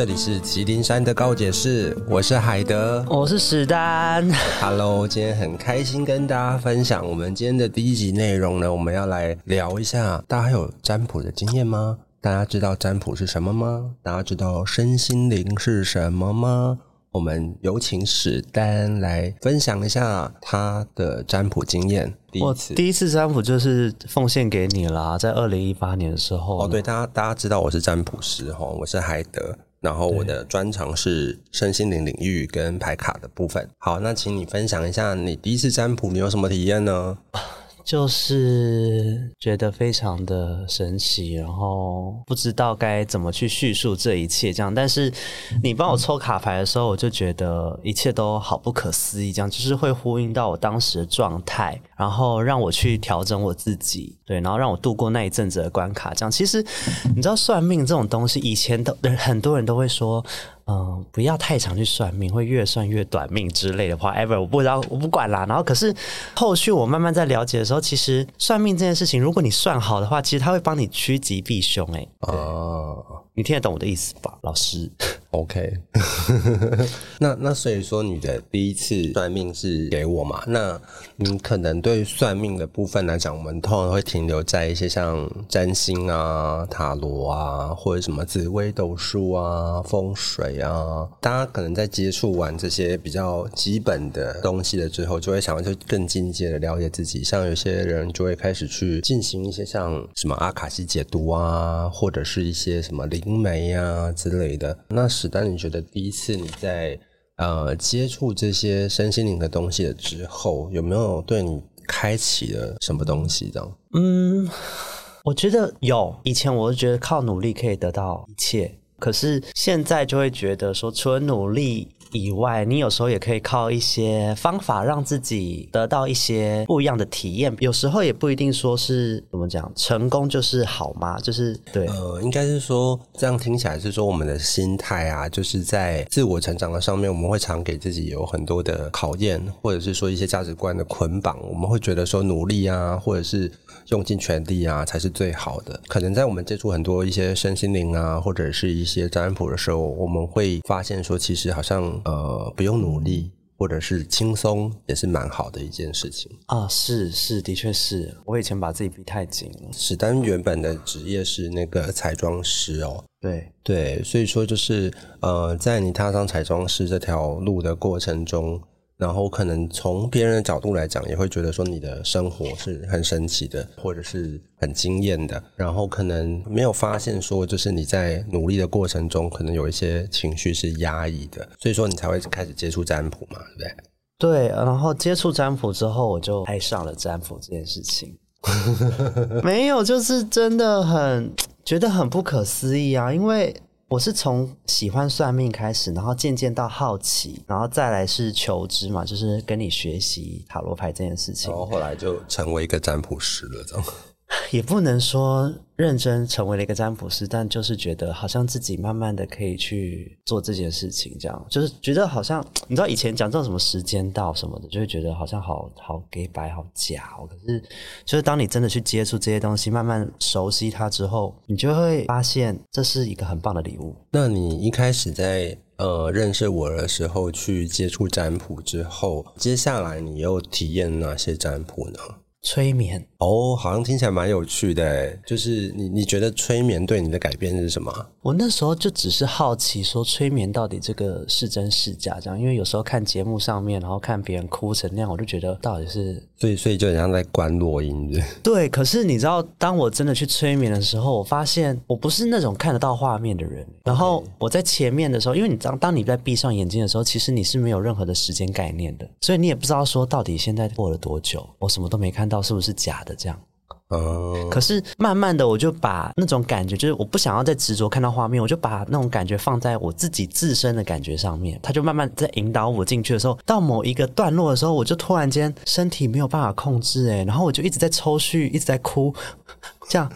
這裡是麒麟山的告解室，我是海德，我是史丹。Hello， 今天很開心跟大家分享我們今天的第一集內容呢。我們要來聊一下，大家還有占卜的經驗嗎？大家知道占卜是什麼嗎？大家知道身心靈是什麼嗎？我們有請史丹來分享一下他的占卜經驗。第一次，第一次占卜就是奉獻給你啦，啊，在二零一八年的時候。哦，對，大家大家知道我是占卜師哈，我是海德。然後我的專長是身心靈領域跟牌卡的部分。好，那請你分享一下你第一次占卜你有什麼體驗呢？就是覺得非常的神奇，然後不知道該怎麼去敘述這一切，這樣。但是你幫我抽卡牌的時候，我就覺得一切都好不可思議，這樣，就是會呼應到我當時的狀態，然後讓我去調整我自己，對，然後讓我度過那一陣子的關卡。這樣其實你知道算命這種東西，以前都很多人都會說，嗯，不要太常去算命，會越算越短命之類的話。Ever，我不知道，我不管啦。然後，可是後續我慢慢在了解的時候，其實算命這件事情，如果你算好的話，其實他會幫你趨吉避凶，欸。誒，哦，oh，你聽得懂我的意思吧，老師？OK， 那那所以說，你的第一次算命是給我嘛？那你可能對於算命的部分來講，我們通常會停留在一些像占星啊、塔羅啊，或者什麼紫微斗數啊、風水啊。大家可能在接觸完這些比較基本的東西了之後，就會想要去更進階的了解自己。像有些人就會開始去進行一些像什麼阿卡西解讀啊，或者是一些什麼靈媒啊之類的。那。但你覺得第一次你在呃接觸這些身心靈的東西的之後，有沒有對你開啟了什麼東西這樣？嗯，我覺得有。以前我是覺得靠努力可以得到一切，可是現在就會覺得說，除了努力。以外，你有時候也可以靠一些方法讓自己得到一些不一樣的體驗。有時候也不一定說是怎麼講，成功就是好嗎？就是對。呃，應該是說，這樣聽起來是說我們的心態啊，就是在自我成長的上面，我們會常給自己有很多的考驗，或者是說一些價值觀的捆綁，我們會覺得說努力啊，或者是。用盡全力啊，才是最好的。可能在我們接觸很多一些身心靈啊，或者是一些占卜的時候，我們會發現說，其實好像呃不用努力，嗯、或者是輕鬆，也是蠻好的一件事情啊。是是，的確是我以前把自己逼太緊了。史丹原本的職業是那個彩妝師哦。嗯、對對，所以說就是呃，在你踏上彩妝師這條路的過程中。然後可能從別人的角度來講，也會覺得說你的生活是很神奇的，或者是很驚艷的。然後可能沒有發現說，就是你在努力的過程中，可能有一些情緒是壓抑的，所以說你才會開始接觸占卜嘛，對不對？對，然後接觸占卜之後，我就愛上了占卜這件事情。 沒有，就是真的很，覺得很不可思議啊，因為。我是從喜歡算命開始，然後漸漸到好奇，然後再來是求知嘛，就是跟你學習塔羅牌這件事情。然後後來就成為一個占卜師了，這樣。也不能說認真成為了一個占卜師，但就是覺得好像自己慢慢的可以去做這件事情。這樣就是覺得好像你知道以前講這種什麼時間到什麼的，就會覺得好像好好給擺好假哦。可是就是當你真的去接觸這些東西，慢慢熟悉它之後，你就會發現這是一個很棒的禮物。那你一開始在呃認識我的時候去接觸占卜之後，接下來你又體驗哪些占卜呢？催眠哦，好像聽起來蠻有趣的。就是你，你覺得催眠對你的改變是什麼？我那時候就只是好奇，說催眠到底這個是真是假？這樣，因為有時候看節目上面，然後看別人哭成那樣，我就覺得到底是……所以，所以就好像在觀落陰。對。對，可是你知道，當我真的去催眠的時候，我發現我不是那種看得到畫面的人。然後我在前面的時候，因為你當當你在閉上眼睛的時候，其實你是沒有任何的時間概念的，所以你也不知道說到底現在過了多久，我什麼都沒看到。到是不是假的這樣？哦，可是慢慢的，我就把那種感覺，就是我不想要再執着看到畫面，我就把那種感覺放在我自己自身的感覺上面。他就慢慢在引導我進去的時候，到某一個段落的時候，我就突然間身體沒有辦法控制，哎，然後我就一直在抽搐，一直在哭，這樣。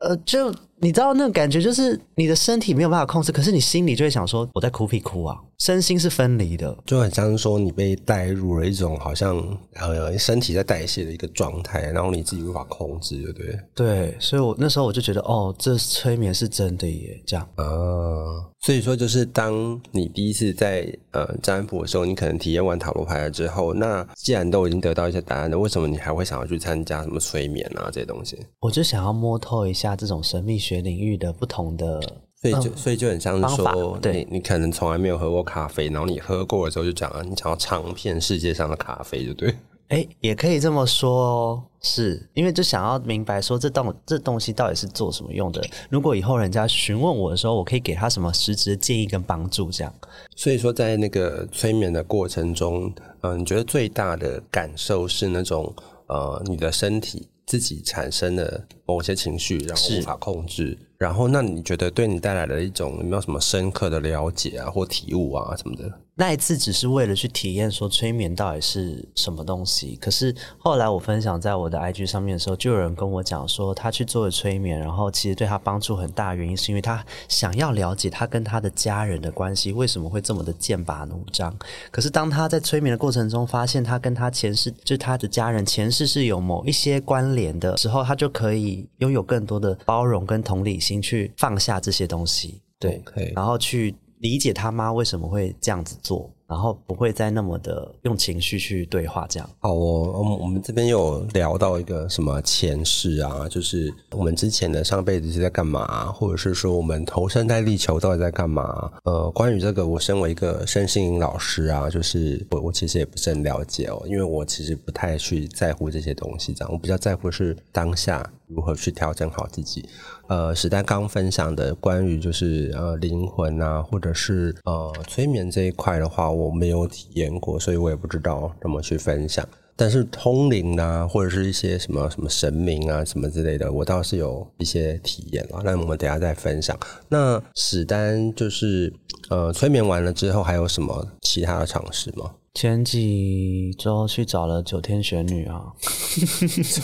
呃，就你知道那種感覺，就是你的身體沒有辦法控制，可是你心裡就會想說，我在哭屁哭啊。身心是分離的，就很像說你被帶入了一種好像、嗯、呃身體在代謝的一個狀態，然後你自己無法控制，對不對？對，所以我那時候我就覺得哦，這催眠是真的耶，這樣。啊、哦，所以說就是當你第一次在呃占卜的時候，你可能體驗完塔羅牌了之後，那既然都已經得到一些答案了，為什麼你還會想要去參加什麼催眠啊這些東西？我就想要摸透一下這種神秘學領域的不同的。所以就，所以就很像是說、嗯，對，你可能從來沒有喝過咖啡，然後你喝過的時候就講你想要嚐遍世界上的咖啡，就對。誒、欸，也可以這麼說、哦，是因為就想要明白說這東這東西到底是做什麼用的。如果以後人家詢問我的時候，我可以給他什麼實質的建議跟幫助，這樣。所以說，在那個催眠的過程中，嗯、呃，你覺得最大的感受是那種呃，你的身體。自己產生的某些情緒，然後無法控制，然後那你覺得對你帶來的一種有沒有什麼深刻的了解啊，或體悟啊什麼的？那一次只是為了去體驗，說催眠到底是什麼東西。可是後來我分享在我的 IG 上面的時候，就有人跟我講說，他去做了催眠，然後其實對他幫助很大。原因是因為他想要了解他跟他的家人的關係，為什麼會這麼的劍拔弩張。可是當他在催眠的過程中發現，他跟他前世就是他的家人前世是有某一些關聯的時候，他就可以擁有更多的包容跟同理心，去放下這些東西。對，可以。okay 然後去理解他媽為什麼會這樣子做，然後不會再那麼的用情緒去對話這樣。好哦，我我們這邊有聊到一個什麼前世啊，就是我們之前的上輩子是在幹嘛，或者是說我們投生在地球到底在幹嘛？呃，關於這個，我身為一個身心靈老師啊，就是我我其實也不是很了解哦，因為我其實不太去在乎這些東西這樣，我比較在乎是當下如何去調整好自己。呃，史丹剛分享的關於就是呃靈魂啊，或者是呃催眠這一塊的話，我沒有體驗過，所以我也不知道怎麼去分享。但是通靈啊，或者是一些什麼什麼神明啊什麼之類的，我倒是有一些體驗啊。那我們等下再分享。那史丹就是呃催眠完了之後，還有什麼其他的嘗試嗎？前幾周去找了九天玄女啊。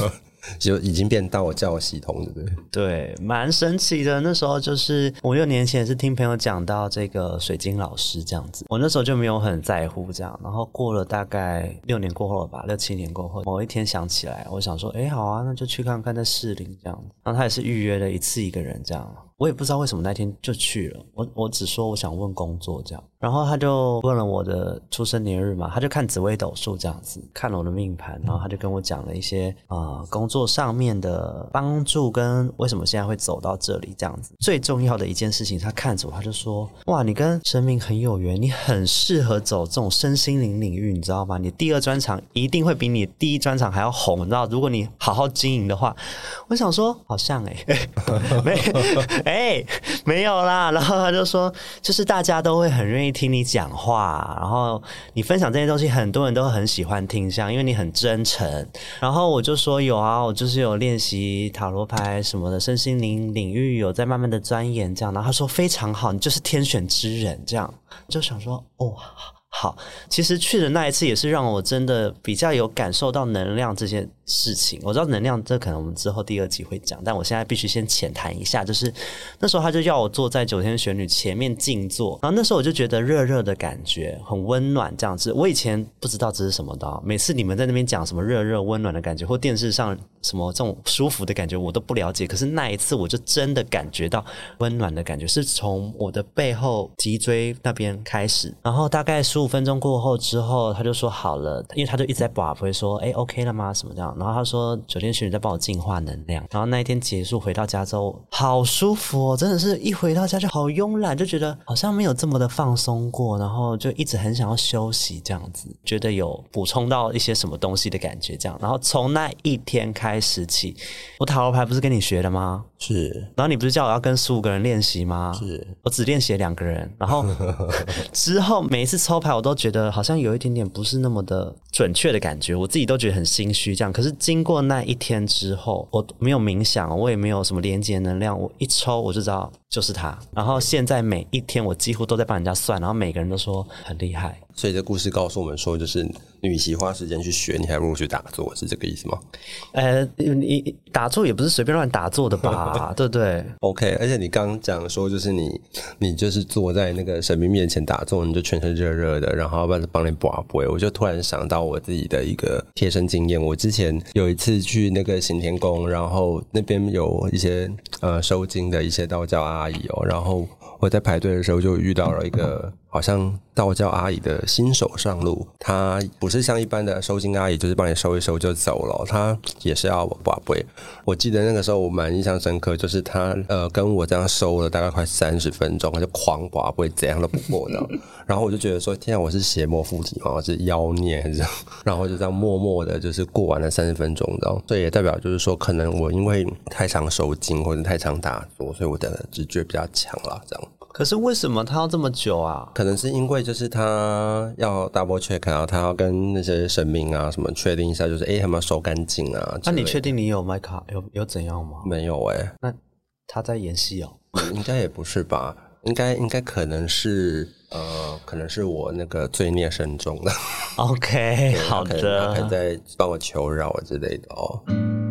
就已經變到我叫我系統，對不對？對，蠻神奇的。那時候就是五六年前，也是聽朋友講到這個水晶老師這樣子，我那時候就沒有很在乎這樣。然後過了大概六年過後了吧，六七年過後，某一天想起來，我想說，哎，好啊，那就去看看在士林這樣子。然後他也是預約了一次一個人這樣，我也不知道為什麼那天就去了。我我只說我想問工作這樣。然後他就問了我的出生年日嘛，他就看紫微斗數這樣子，看了我的命盤，然後他就跟我講了一些啊、呃、工作上面的幫助跟為什麼現在會走到這裡這樣子。最重要的一件事情，他看着我，他就說：哇，你跟生命很有緣，你很適合走這種身心靈領域，你知道嗎？你第二專長一定會比你第一專長還要紅，你知道？如果你好好經營的話，我想說好像、欸、哎，沒哎沒有啦。然後他就說，就是大家都會很願意。聽你講話，然後你分享這些東西，很多人都很喜歡聽像，這因為你很真誠。然後我就說有啊，我就是有練習塔羅牌什麼的，身心靈領域有在慢慢的鑽研這樣。然後他說非常好，你就是天選之人這樣。就想說哦好，其實去的那一次也是讓我真的比較有感受到能量這些事情我知道，能量這可能我們之後第二集會講，但我現在必須先淺談一下。就是那時候他就要我坐在九天玄女前面靜坐，然後那時候我就覺得熱熱的感覺，很溫暖這樣子。我以前不知道這是什麼的，每次你們在那邊講什麼熱熱溫暖的感覺，或電視上什麼這種舒服的感覺，我都不了解。可是那一次，我就真的感覺到溫暖的感覺，是從我的背後脊椎那邊開始。然後大概十五分鐘過後之後，他就說好了，因為他就一直在 buffer 說，哎，OK 了嗎？什麼這樣。然後他說， 九天玄女在幫我淨化能量。然後那一天結束回到家之後，好舒服哦，真的是一回到家就好慵懶，就覺得好像沒有這麼的放鬆過。然後就一直很想要休息，這樣子，覺得有補充到一些什麼東西的感覺。這樣，然後從那一天開始起，我塔羅牌不是跟你學的嗎？是。然後你不是叫我要跟十五個人練習嗎？是，我只練習了兩個人。然後 之後每一次抽牌，我都覺得好像有一點點不是那麼的準確的感覺，我自己都覺得很心虛。這樣，可是。是經過那一天之後，我沒有冥想，我也沒有什麼連接能量，我一抽我就知道。就是他，然後現在每一天我幾乎都在幫人家算，然後每個人都說很厲害。所以這故事告訴我們說，就是與其花時間去學，你還不如去打坐，是這個意思嗎？呃，你打坐也不是隨便亂打坐的吧， 對不對？OK，而且你剛講說，就是你你就是坐在那個神明面前打坐，你就全身熱熱的，然後要不然就幫你卜卜。我就突然想到我自己的一個貼身經驗，我之前有一次去那個行天宮，然後那邊有一些呃收驚的一些道教啊。然後我在排隊的時候，就遇到了一個。好像道教阿姨的新手上路，她不是像一般的收驚阿姨，就是幫你收一收就走了。她也是要刮背。我記得那個時候我蠻印象深刻，就是她呃跟我這樣收了大概快三十分鐘，她就狂刮背，怎樣都不過的 然後我就覺得說，天啊，我是邪魔附體嗎？我是妖孽是？然後就這樣默默的，就是過完了三十分鐘，這樣。這也代表就是說，可能我因為太常收驚或者太常打坐，所以我的直覺比較強了，這樣。可是為什麼他要這麼久啊？可能是因為就是他要 double check 啊，他要跟那些神明啊什麼確定一下，就是哎、欸，他們要收乾淨啊？那、啊、你確定你有麥卡有有怎樣嗎？沒有哎、欸，那他在演戲哦、喔。應該也不是吧？應該應該可能是呃，可能是我那個罪孽深重的。OK， 他可好的，他可能在幫我求饒啊之類的哦。嗯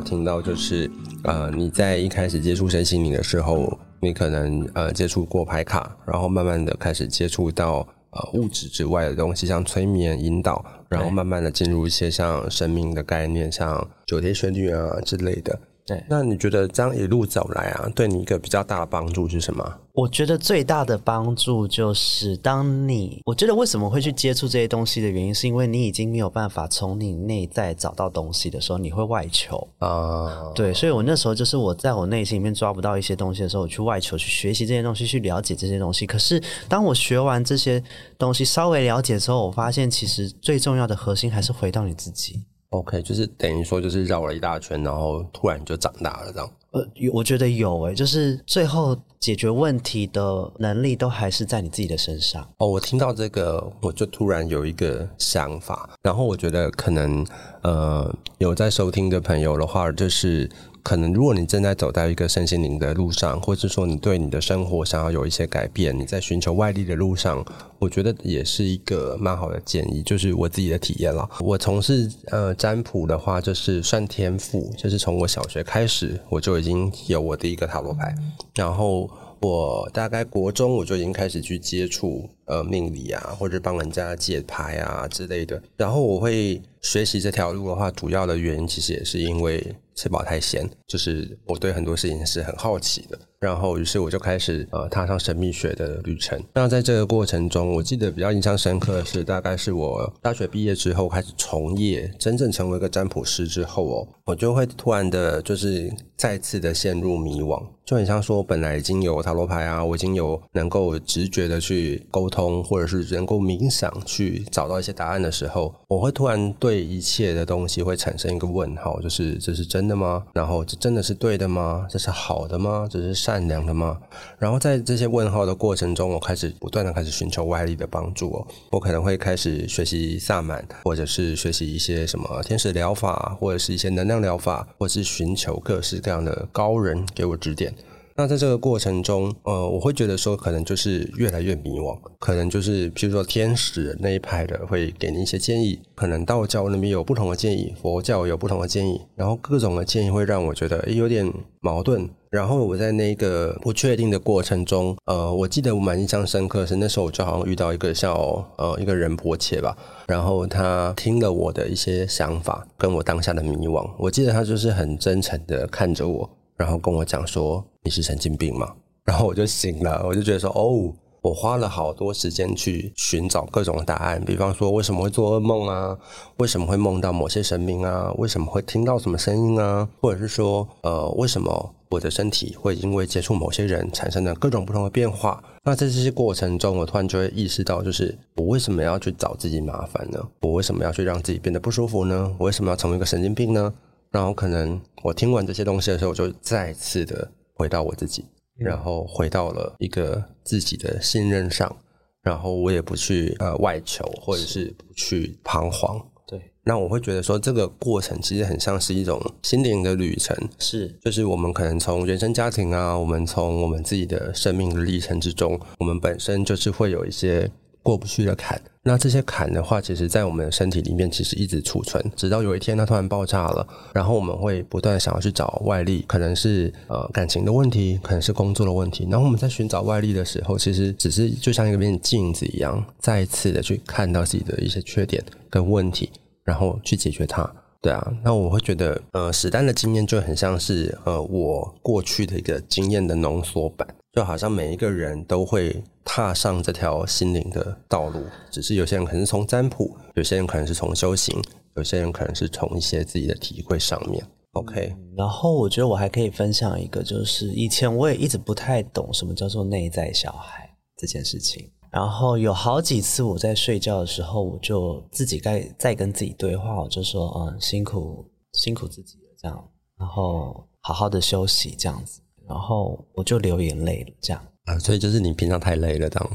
聽到就是，呃，你在一開始接觸身心靈的時候，你可能呃接觸過牌卡，然後慢慢的開始接觸到呃物質之外的東西，像催眠引導，然後慢慢的進入一些像神明的概念，像九天玄女啊之類的。對，那你覺得這樣一路走來啊，對你一個比較大的幫助是什麼？我覺得最大的幫助就是，當你我覺得為什麼會去接觸這些東西的原因，是因為你已經沒有辦法從你內在找到東西的時候，你會外求啊。Oh. 對，所以我那時候就是我在我內心裡面抓不到一些東西的時候，我去外求，去學習這些東西，去了解這些東西。可是當我學完這些東西，稍微了解之後，我發現其實最重要的核心還是回到你自己。OK，就是等於說，就是繞了一大圈，然後突然就長大了這樣。呃，我覺得有誒、欸，就是最後解決問題的能力都還是在你自己的身上。哦，我聽到這個，我就突然有一個想法，然後我覺得可能，呃，有在收聽的朋友的話，就是。可能如果你正在走到一個身心靈的路上，或是說你對你的生活想要有一些改變，你在尋求外力的路上，我覺得也是一個蠻好的建議，就是我自己的體驗啦。我從事呃占卜的話，就是算天賦，就是從我小學開始我就已經有我第一個塔羅牌，然後我大概國中我就已經開始去接觸呃命理啊，或者幫人家解牌啊之類的。然後我會學習這條路的話，主要的原因其實也是因為。吃飽太閒，就是我對很多事情是很好奇的。然後，於是我就開始呃踏上神秘學的旅程。那在這個過程中，我記得比較印象深刻的是，大概是我大學畢業之後開始從業，真正成為一個占卜師之後哦，我就會突然的，就是再次的陷入迷惘，就很像說，我本來已經有塔羅牌啊，我已經有能夠直覺的去溝通，或者是能夠冥想去找到一些答案的時候，我會突然對一切的東西會產生一個問號，就是這是真的嗎？然後這真的是對的嗎？這是好的嗎？這是善？善良的嗎？然後在這些問號的過程中，我開始不斷地開始尋求外力的幫助哦。我可能會開始學習薩滿，或者是學習一些什麼天使療法，或者是一些能量療法，或者是尋求各式各樣的高人給我指點。那在這個過程中，呃，我會覺得說，可能就是越來越迷惘，可能就是譬如說天使那一派的會給你一些建議，可能道教那邊有不同的建議，佛教有不同的建議，然後各種的建議會讓我覺得，誒，有點矛盾。然後我在那個不確定的過程中，呃，我記得我蠻印象深刻是那時候我就好像遇到一個叫呃一個仁波切吧，然後他聽了我的一些想法，跟我當下的迷惘，我記得他就是很真誠的看着我。然後跟我講說，你是神經病嗎？然後我就醒了，我就覺得說哦，我花了好多時間去尋找各種答案，比方說，為什麼會做噩夢啊，為什麼會夢到某些神明啊，為什麼會聽到什麼聲音啊，或者是說呃，為什麼我的身體會因為接觸某些人產生了各種不同的變化？那在這些過程中，我突然就會意識到，就是我為什麼要去找自己麻煩呢？我為什麼要去讓自己變得不舒服呢？我為什麼要成為一個神經病呢？然後可能我聽完這些東西的時候，我就再次的回到我自己，嗯，然後回到了一個自己的信任上，然後我也不去呃外求，或者是不去彷徨。對，那我會覺得說這個過程其實很像是一種心靈的旅程，是，就是我們可能從原生家庭啊，我們從我們自己的生命的歷程之中，我們本身就是會有一些。過不去的坎，那這些坎的話，其實在我們的身體裡面，其實一直儲存，直到有一天它突然爆炸了，然後我們會不斷想要去找外力，可能是呃感情的問題，可能是工作的問題，然後我們在尋找外力的時候，其實只是就像一面鏡子一樣，再次的去看到自己的一些缺點跟問題，然後去解決它。對啊，那我會覺得，呃，史丹的經驗就很像是呃我過去的一個經驗的濃縮版。就好像每一個人都會踏上這條心靈的道路，只是有些人可能是從占卜，有些人可能是從修行，有些人可能是從一些自己的體會上面。OK。嗯，然後我覺得我還可以分享一個，就是以前我也一直不太懂什麼叫做內在小孩這件事情。然後有好幾次我在睡覺的時候，我就自己在在跟自己對話，我就說：“嗯，辛苦辛苦自己這樣，然後好好的休息這樣子。”然後我就流眼淚了，這樣。啊，所以就是你平常太累了，這樣。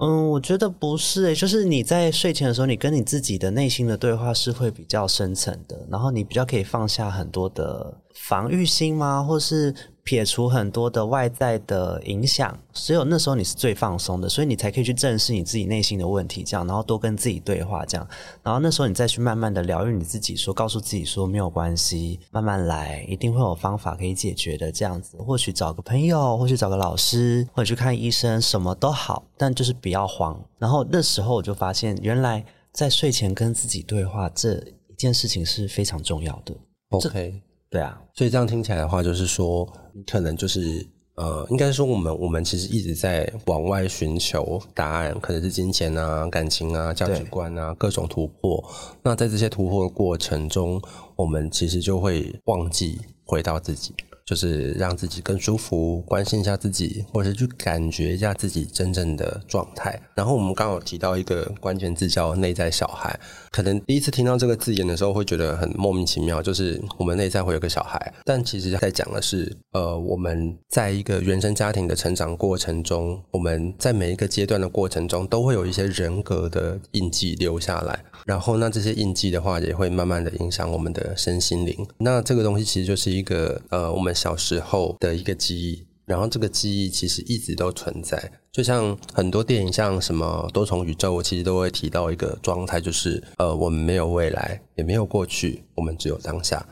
嗯，我覺得不是誒、欸，就是你在睡前的時候，你跟你自己的內心的對話是會比較深層的，然後你比較可以放下很多的防禦心嗎？或是？撇除很多的外在的影響，所以那時候你是最放鬆的，所以你才可以去正視你自己內心的問題，這樣，然後多跟自己對話，這樣，然後那時候你再去慢慢的療癒你自己說，說告訴自己說沒有關係，慢慢來，一定會有方法可以解決的，這樣子，或許找個朋友，或許找個老師，或者去看醫生，什麼都好，但就是比較慌。然後那時候我就發現，原來在睡前跟自己對話這一件事情是非常重要的。OK。對啊，所以這樣聽起來的話，就是說，你可能就是呃，應該說我們我們其實一直在往外尋求答案，可能是金錢啊、感情啊、價值觀啊各種突破，那在這些突破的過程中，我們其實就會忘記回到自己。就是讓自己更舒服，關心一下自己，或者去感覺一下自己真正的狀態。然後我們剛好提到一個關鍵字叫“內在小孩”，可能第一次聽到這個字眼的時候會覺得很莫名其妙，就是我們內在會有個小孩。但其實在講的是，呃，我們在一個原生家庭的成長過程中，我們在每一個階段的過程中，都會有一些人格的印記留下來。然後那這些印記的話，也會慢慢的影響我們的身心靈。那這個東西其實就是一個，呃，我們。小時候的一個記憶，然後這個記憶其實一直都存在，就像很多電影，像什麼多重宇宙，我其實都會提到一個狀態，就是呃，我們沒有未來，也沒有過去，我們只有當下。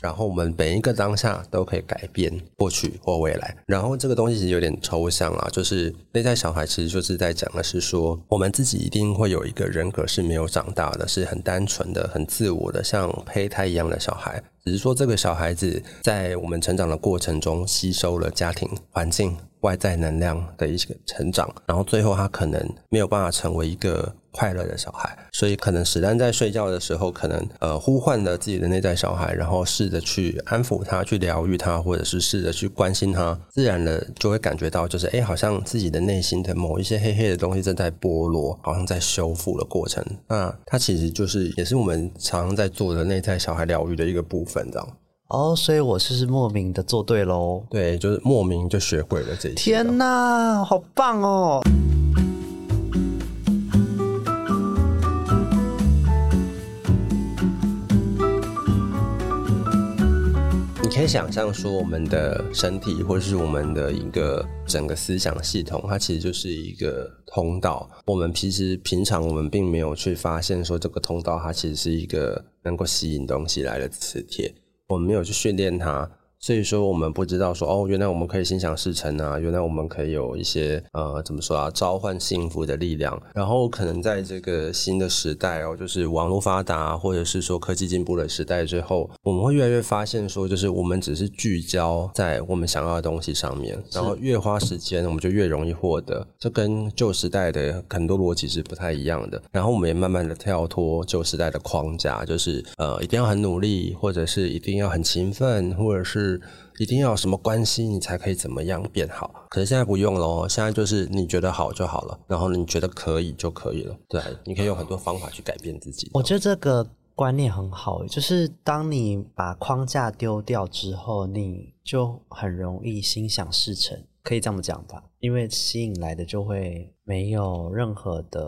然後我們每一個當下都可以改變過去或未來。然後這個東西其實有點抽象啊，就是內在小孩其實就是在講的是說，我們自己一定會有一個人格是沒有長大的，是很單純的、很自我的，像胚胎一樣的小孩。只是說這個小孩子在我們成長的過程中吸收了家庭環境外在能量的一個成長，然後最後他可能沒有辦法成為一個快樂的小孩，所以可能史丹在睡覺的時候，可能呃呼喚了自己的內在小孩，然後試着去安撫他、去療癒他，或者是試着去關心他，自然的就會感覺到，就是哎、欸，好像自己的內心的某一些黑黑的東西正在剝落，好像在修復的過程。那他其實就是也是我們常常在做的內在小孩療癒的一個部分，這樣哦，oh, 所以我是，是莫名的做對嘍，對，就是莫名就學會了這些。天哪、啊，好棒哦！可以想象說，我們的身體或是我們的一個整個思想系統，它其實就是一個通道。我們其實平常我們並沒有去發現說，這個通道它其實是一個能夠吸引東西來的磁鐵。我們沒有去訓練它。所以說，我們不知道說哦，原來我們可以心想事成啊，原來我們可以有一些呃，怎麼說啊，召喚幸福的力量。然後可能在這個新的時代，哦，就是網絡發達或者是說科技進步的時代之後，我們會越來越發現說，就是我們只是聚焦在我們想要的東西上面，然後越花時間，我們就越容易獲得。這跟舊時代的很多邏輯是不太一樣的。然後我們也慢慢的跳脫舊時代的框架，就是呃，一定要很努力，或者是一定要很勤奮，或者是。一定要有什麼關係，你才可以怎麼樣變好？可是現在不用了，現在就是你覺得好就好了，然後你覺得可以就可以了。對，你可以用很多方法去改變自己。嗯。我覺得這個觀念很好，就是當你把框架丟掉之後，你就很容易心想事成。可以這麼講吧，因為吸引來的就會沒有任何的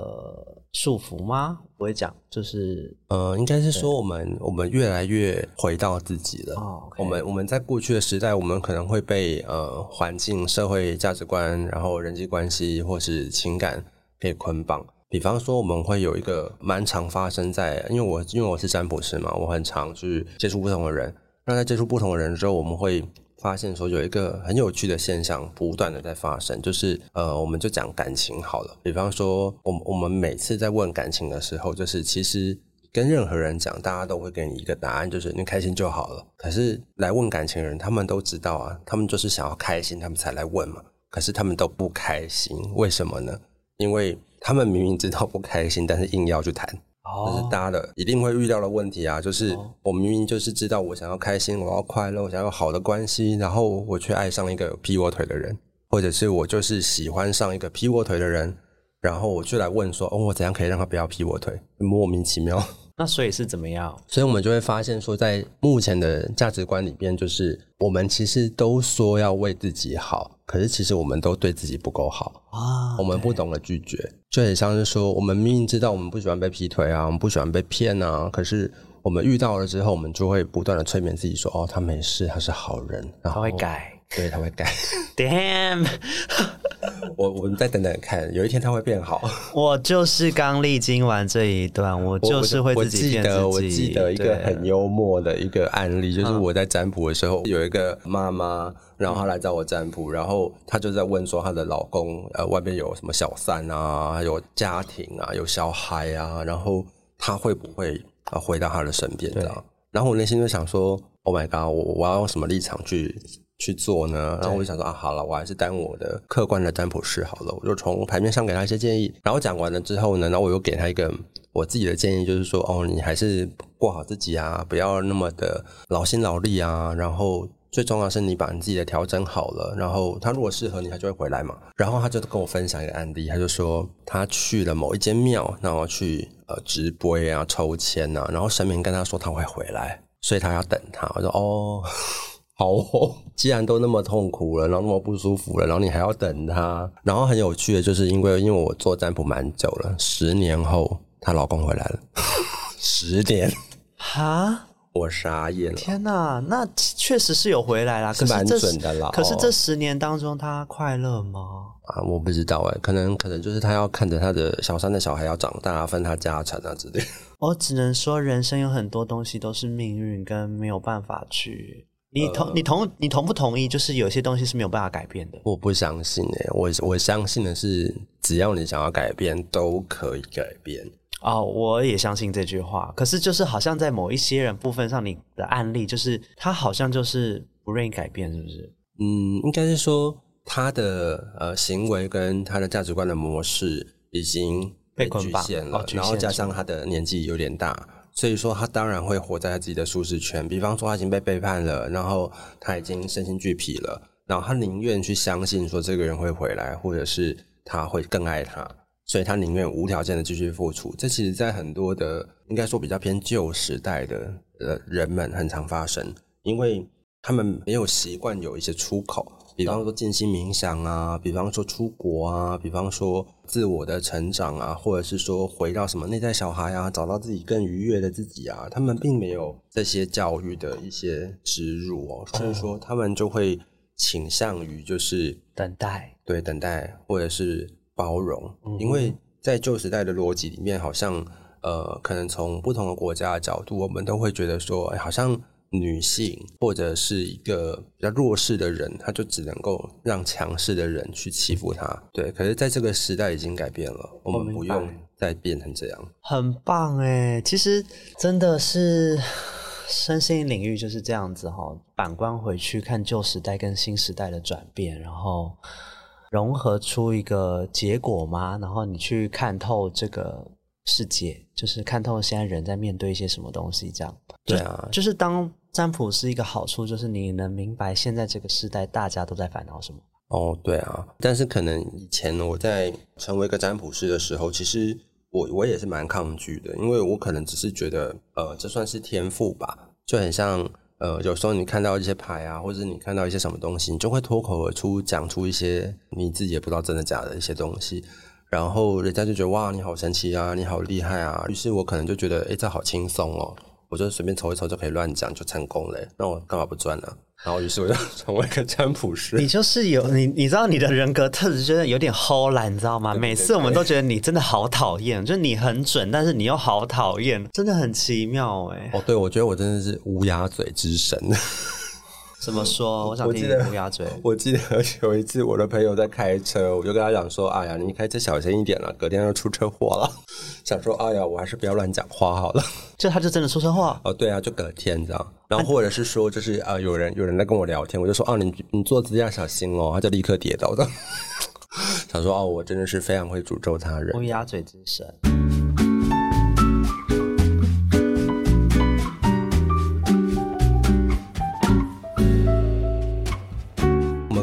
束縛嗎？不會講，就是呃，應該是說我們我們越來越回到自己了。哦 okay、我們我們在過去的時代，我們可能會被呃環境、社會價值觀，然後人際關係或是情感給捆綁。比方說，我們會有一個蠻常發生在，因為我因為我是占卜師嘛，我很常去接觸不同的人。那在接觸不同的人之後，我們會。發現說有一個很有趣的現象不斷的在發生，就是呃，我們就講感情好了。比方說，我我們每次在問感情的時候，就是其實跟任何人講，大家都會給你一個答案，就是你開心就好了。可是來問感情的人，他們都知道啊，他們就是想要開心，他們才來問嘛。可是他們都不開心，為什麼呢？因為他們明明知道不開心，但是硬要去談。就是搭的一定會遇到的問題啊，就是我明明就是知道我想要開心，我要快樂，我想要好的關係，然後我卻愛上一個劈我腿的人，或者是我就是喜歡上一個劈我腿的人，然後我就來問說，哦，我怎樣可以讓他不要劈我腿？莫名其妙。那所以是怎麼樣？所以我們就會發現說，在目前的價值觀裡邊，就是我們其實都說要為自己好。可是其實我們都對自己不夠好，我們不懂得拒絕，就很像是說，我們明明知道我們不喜歡被劈腿啊，我們不喜歡被騙啊，可是我們遇到了之後，我們就會不斷的催眠自己說，哦，他沒事，他是好人，然、啊、他會改，對，他會改。 Damn！ 我我們再等等看，有一天他會變好。我就是剛歷經完這一段，我就是會自己騙自己。我記得我記得一個很幽默的一個案例，就是我在占卜的時候，有一個媽媽。然後她來找我占卜，嗯、然後她就在問說她的老公、呃、外邊有什麼小三啊，有家庭啊，有小孩啊，然後他會不會回到她的身邊這樣、啊。然後我內心就想說，Oh my god，我，我要用什麼立場去去做呢？然後我就想說啊，好了，我還是當我的客觀的占卜師好了，我就從牌面上給她一些建議。然後講完了之後呢，然後我又給她一個我自己的建議，就是說哦，你還是過好自己啊，不要那麼的勞心勞力啊，然後。最重要的是你把你自己的調整好了，然後他如果適合你，他就會回來嘛。然後他就跟我分享一個案例，他就說他去了某一間廟，然後去呃擲筊呀、啊、抽籤吶、啊，然後神明跟他說他會回來，所以他要等他。我說哦，好哦，既然都那麼痛苦了，然後那麼不舒服了，然後你還要等他。然後很有趣的，就是因為因為我做占卜蠻久了，十年後她老公回來了， 十年哈、huh? 我傻眼了！天哪，那確實是有回來啦，是可是蠻準的啦、哦，可是這十年當中，他快樂嗎？啊，我不知道哎、欸，可能可能就是他要看着他的小三的小孩要長大、啊，分他家產啊之類。我只能說，人生有很多東西都是命運，跟沒有辦法去。呃、你同你同你同不同意？就是有些東西是沒有辦法改變的。我不相信誒、欸、我我相信的是，只要你想要改變，都可以改變。哦、oh，我也相信這句話。可是，就是好像在某一些人部分上，你的案例就是他好像就是不願意改變，是不是？嗯，應該是說他的呃行為跟他的價值觀的模式已經被局限了，哦、限然後加上他的年紀有點大，所以說他當然會活在他自己的舒適圈。比方說，他已經被背叛了，然後他已經身心俱疲了，然後他寧願去相信說這個人會回來，或者是他會更愛他。所以，他寧願無條件的繼續付出。這其實，在很多的應該說比較偏舊時代的人們很常發生，因為他們沒有習慣有一些出口，比方說靜心冥想啊，比方說出國啊，比方說自我的成長啊，或者是說回到什麼內在小孩啊，找到自己更愉悅的自己啊。他們並沒有這些教育的一些植入哦、喔，所以說他們就會傾向於就是等待，對等待，或者是。包容，因為在舊時代的邏輯裡面，好像、嗯、呃，可能從不同的國家的角度，我們都會覺得說，欸、好像女性或者是一個比較弱勢的人，他就只能夠讓強勢的人去欺負他。對，可是在這個時代已經改變了，我們不用再變成這樣。很棒誒，其實真的是身心領域就是這樣子哈、喔。反觀回去看舊時代跟新時代的轉變，然後。融合出一個結果嗎？然後你去看透這個世界，就是看透現在人在面對一些什麼東西這樣。對啊，就、就是當占卜師一個好處，就是你能明白現在這個時代大家都在煩惱什麼。哦，對啊，但是可能以前我在成為一個占卜師的時候，其實我我也是蠻抗拒的，因為我可能只是覺得，呃，這算是天賦吧，就很像。呃，有時候你看到一些牌啊，或者你看到一些什麼東西，你就會脫口而出，講出一些你自己也不知道真的假的一些東西，然後人家就覺得哇，你好神奇啊，你好厲害啊，於是我可能就覺得，誒，這好輕鬆哦。我就隨便抽一抽就可以亂講就成功了，那我幹嘛不賺呢、啊？然後於是我就 成為一個占卜師。你就是有你，你知道你的人格特質，覺得有點 hold 懶，你知道嗎對對對？每次我們都覺得你真的好討厭，就是你很準，但是你又好討厭，真的很奇妙哎。哦，對，我覺得我真的是烏鴉嘴之神。 怎麼說？我想聽烏鴉嘴我。我記得有一次，我的朋友在開車，我就跟他講說：“哎呀，你開車小心一點了。”隔天要出車禍了。想說：“哎呀，我還是不要亂講話好了。”就他就真的出車禍。哦，對啊，就隔天，這樣。然後或者是說，就是啊、呃，有人有人在跟我聊天，我就說：“哦、啊，你你坐姿要小心哦。”他就立刻跌倒的。 想說：“哦、啊，我真的是非常會詛咒他人。”烏鴉嘴之神。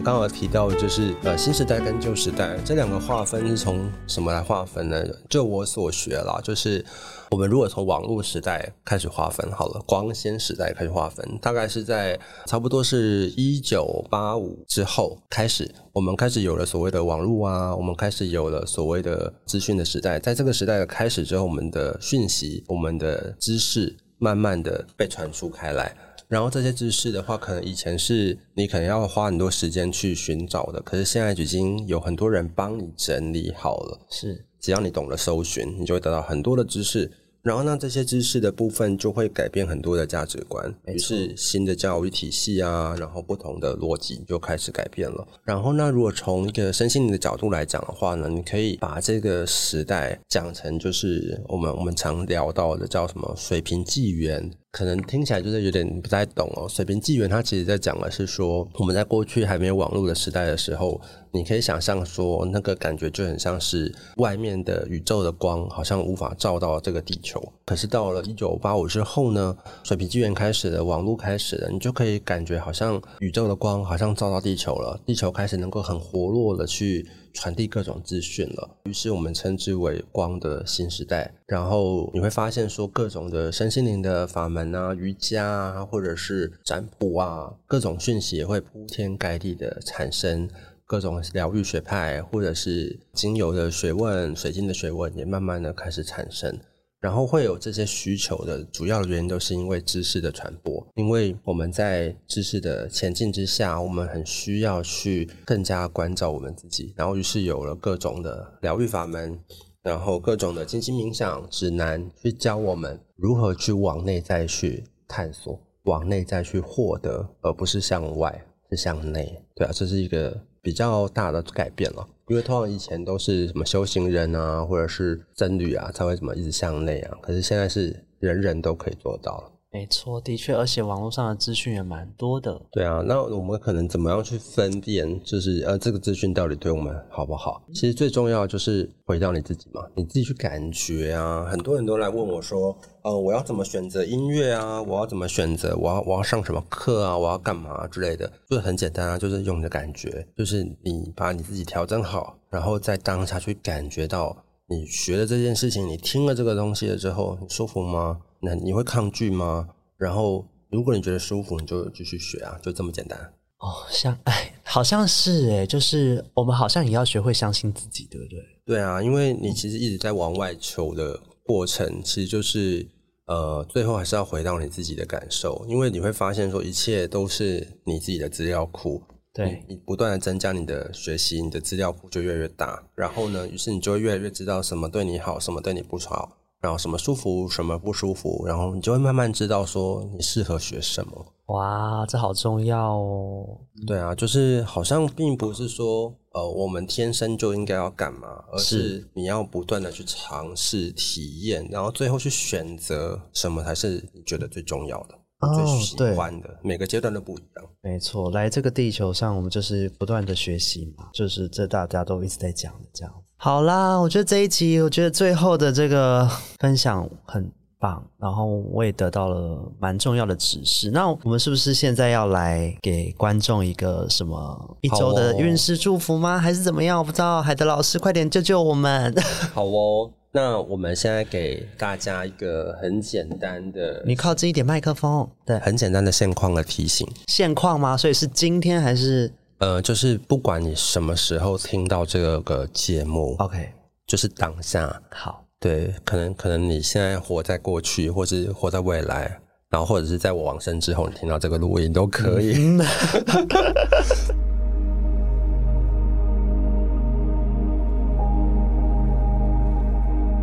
剛剛提到的就是呃，新時代跟舊時代，這兩個劃分是從什麼來劃分呢？就我所學啦，就是我們如果從網絡時代開始劃分好了，光纖時代開始劃分，大概是在差不多是一九八五之後開始，我們開始有了所謂的網絡啊，我們開始有了所謂的資訊的時代。在這個時代的開始之後，我們的訊息、我們的知識慢慢的被傳輸開來。然後這些知識的話，可能以前是你可能要花很多時間去尋找的，可是現在已經有很多人幫你整理好了。是，只要你懂得搜尋，你就會得到很多的知識。然後，那這些知識的部分就會改變很多的價值觀，於是新的教育體系啊，然後不同的邏輯就開始改變了。然後，那如果從一個身心靈的角度來講的話呢，你可以把這個時代講成就是我們我們常聊到的叫什麼水平紀元，可能聽起來就是有點不太懂哦。水平紀元它其實在講的是說我們在過去還沒有網絡的時代的時候。你可以想象說，那個感覺就很像是外面的宇宙的光，好像無法照到這個地球。可是到了一九八五之後呢，水平紀元開始了，網絡開始了，你就可以感覺好像宇宙的光好像照到地球了，地球開始能夠很活絡的去傳遞各種資訊了。於是我們稱之為光的新時代。然後你會發現說，各種的身心靈的法門啊、瑜伽啊，或者是占卜啊，各種訊息也會鋪天蓋地的產生。各種療癒學派，或者是精油的學問、水晶的學問，也慢慢的開始產生。然後會有這些需求的主要的原因，都是因為知識的傳播。因為我們在知識的前進之下，我們很需要去更加關照我們自己。然後於是有了各種的療癒法門，然後各種的靜心冥想指南，去教我們如何去往內在去探索，往內在去獲得，而不是向外，是向內，對啊，這是一個。比較大的改變了，因為通常以前都是什麼修行人啊，或者是僧侶啊，才會什麼一直向內啊，可是現在是人人都可以做到了。沒錯，的確，而且網絡上的資訊也蠻多的。對啊，那我們可能怎麼樣去分辨？就是呃，這個資訊到底對我們好不好？其實最重要就是回到你自己嘛，你自己去感覺啊。很多人都來問我說，呃，我要怎麼選擇音樂啊？我要怎麼選擇？我要我要上什麼課啊？我要幹嘛之類的？就是很簡單啊，就是用你的感覺，就是你把你自己調整好，然後在當下去感覺到。你學了這件事情，你聽了這個東西了之後，你舒服嗎？你會抗拒嗎？然後，如果你覺得舒服，你就繼續學啊，就這麼簡單。哦，像哎，好像是哎，就是我們好像也要學會相信自己，對不對？對啊，因為你其實一直在往外求的過程，其實就是呃，最後還是要回到你自己的感受，因為你會發現說，一切都是你自己的資料庫。對，你不斷的增加你的學習，你的資料庫就越來越大，然後呢，於是你就會越來越知道什麼對你好，什麼對你不好，然後什麼舒服，什麼不舒服，然後你就會慢慢知道說你適合學什麼。哇，這好重要哦。對啊，就是好像並不是說、哦、呃我們天生就應該要幹嘛，而是你要不斷的去嘗試體驗，然後最後去選擇什麼才是你覺得最重要的。啊、哦，對，每個階段都不一樣，沒錯。來這個地球上，我們就是不斷的學習嘛，就是這大家都一直在講的這樣。好啦，我覺得這一集，我覺得最後的這個分享很棒，然後我也得到了蠻重要的指示。那我們是不是現在要來給觀眾一個什麼一周的運勢祝福嗎、哦？還是怎麼樣？我不知道，海德老師，快點救救我們！好哦。那我們現在給大家一個很簡單的，你靠近一點麥克風，對，很簡單的現況的提醒。現況嗎？所以是今天還是？呃，就是不管你什麼時候聽到這個節目，OK，就是當下。好，對，可能可能你現在活在過去，或是活在未來，然後或者是在我往生之後，你聽到這個錄音都可以。嗯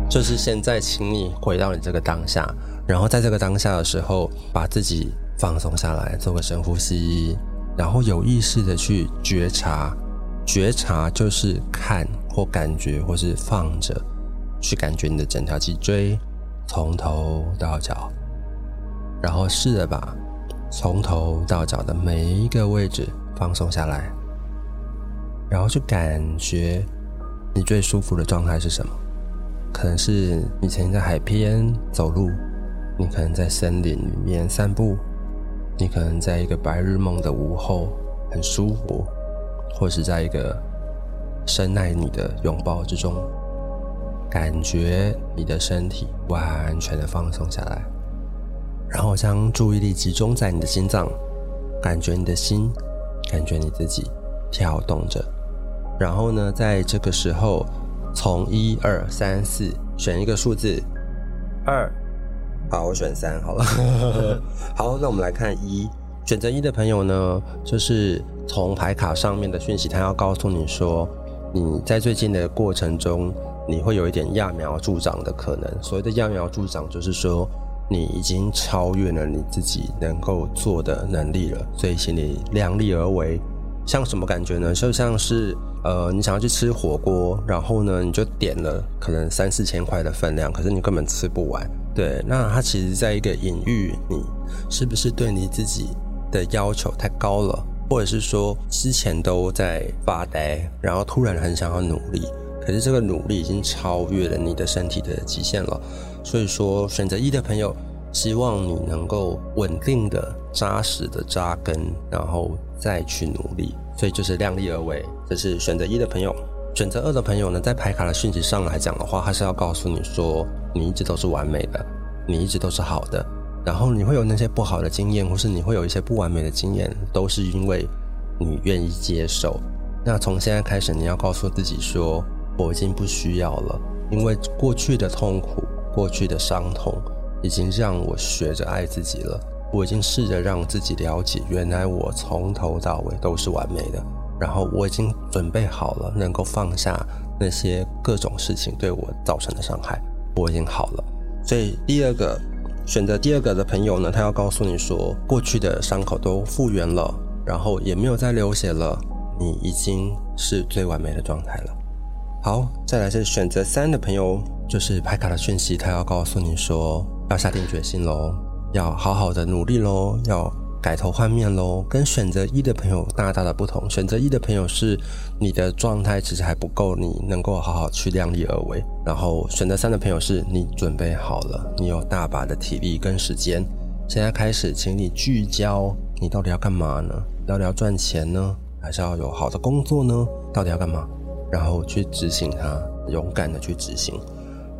就是現在，請你回到你這個當下，然後在這個當下的時候，把自己放鬆下來，做個深呼吸，然後有意識的去覺察。覺察就是看或感覺，或是放着，去感覺你的整條脊椎從頭到腳，然後試着把從頭到腳的每一個位置放鬆下來，然後去感覺你最舒服的狀態是什麼？可能是你曾經在海邊走路，你可能在森林裡面散步，你可能在一個白日夢的午後很舒服，或是在一個深愛你的擁抱之中，感覺你的身體完全的放鬆下來，然後將注意力集中在你的心臟，感覺你的心，感覺你自己跳動着，然後呢，在這個時候。從一二三四選一個數字，二，好，我選三好了。 好，那我們來看一，選擇一的朋友呢，就是從牌卡上面的訊息，他要告訴你說，你在最近的過程中，你會有一點揠苗助長的可能。所謂的揠苗助長，就是說你已經超越了你自己能夠做的能力了，所以請你量力而為。像什麼感覺呢？就像是，呃，你想要去吃火鍋，然後呢，你就點了可能三四千塊的分量，可是你根本吃不完。對，那它其實在一個隱喻，你是不是對你自己的要求太高了？或者是說之前都在發呆，然後突然很想要努力，可是這個努力已經超越了你的身體的極限了。所以說，選擇一的朋友，希望你能夠穩定的、扎實的扎根，然後，再去努力，所以就是量力而為。這是選擇一的朋友，選擇二的朋友呢，在排卡的訊息上來講的話，他是要告訴你說，你一直都是完美的，你一直都是好的。然後你會有那些不好的經驗，或是你會有一些不完美的經驗，都是因為你願意接受。那從現在開始，你要告訴自己說，我已經不需要了，因為過去的痛苦、過去的傷痛，已經讓我學着愛自己了。我已經試着讓自己了解，原來我從頭到尾都是完美的。然後我已經準備好了，能夠放下那些各種事情對我造成的傷害。我已經好了。所以第二個選擇，第二個的朋友呢，他要告訴你說，過去的傷口都復原了，然後也沒有再流血了。你已經是最完美的狀態了。好，再來是選擇三的朋友，就是牌卡的訊息，他要告訴你說，要下定決心嘍。要好好的努力嘍，要改頭換面嘍，跟選擇一的朋友大大的不同。選擇一的朋友是你的狀態其實還不夠，你能夠好好去量力而為。然後選擇三的朋友是你準備好了，你有大把的體力跟時間。現在開始，請你聚焦你，你到底要幹嘛呢？到底要賺錢呢？還是要有好的工作呢？到底要幹嘛？然後去執行它，勇敢的去執行。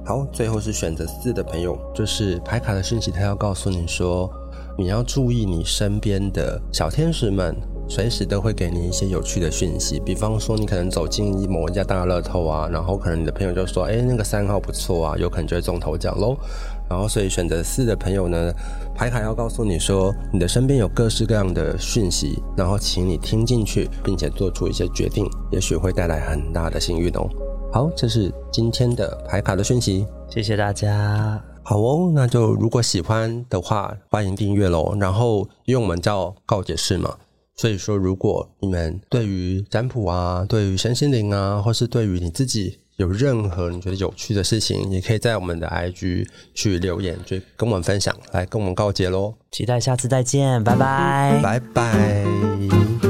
好，最後是選擇四的朋友，就是牌卡的訊息，它要告訴你說，你要注意你身邊的小天使們，隨時都會給你一些有趣的訊息。比方說，你可能走進一某一家大樂透啊，然後可能你的朋友就說，哎、欸，那個三號不錯啊，有可能就會中頭獎嘍。然後，所以選擇四的朋友呢，牌卡要告訴你說，你的身邊有各式各樣的訊息，然後請你聽進去，並且做出一些決定，也許會帶來很大的幸運哦。好，這是今天的牌卡的訊息，謝謝大家。好哦，那就如果喜歡的話，歡迎訂閱嘍。然後因為我們叫告解室嘛，所以說如果你們對於占卜啊，對於身心靈啊，或是對於你自己有任何你覺得有趣的事情，也可以在我們的 IG 去留言，就跟我們分享，來跟我們告解嘍。期待下次再見，拜拜，拜拜。